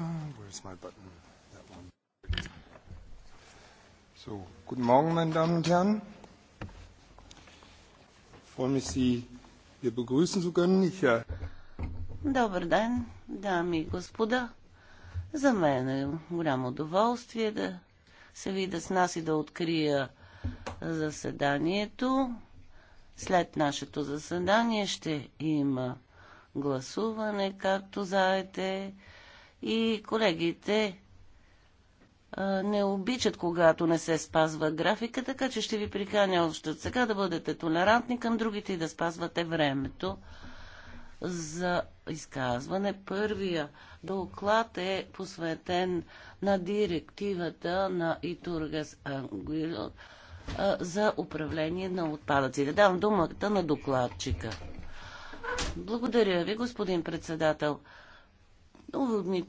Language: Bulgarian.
Ah, where's my button? That one. So, guten Morgen, meine Damen und Herren. Ich freue mich, Sie hier begrüßen zu können. Ich, ja. Äh, Добър ден, дами и господа. За мен е голямо удоволствие да се видя с нас и да открия заседанието. След нашето заседание ще има гласуване, както заете и колегите не обичат, когато не се спазва графика, така че ще ви приканя още от сега да бъдете толерантни към другите и да спазвате времето за изказване. Първия доклад е посветен на директивата на Итургас Ангуил за управление на отпадъците. Давам думата на докладчика. Благодаря ви, господин председател. Уводни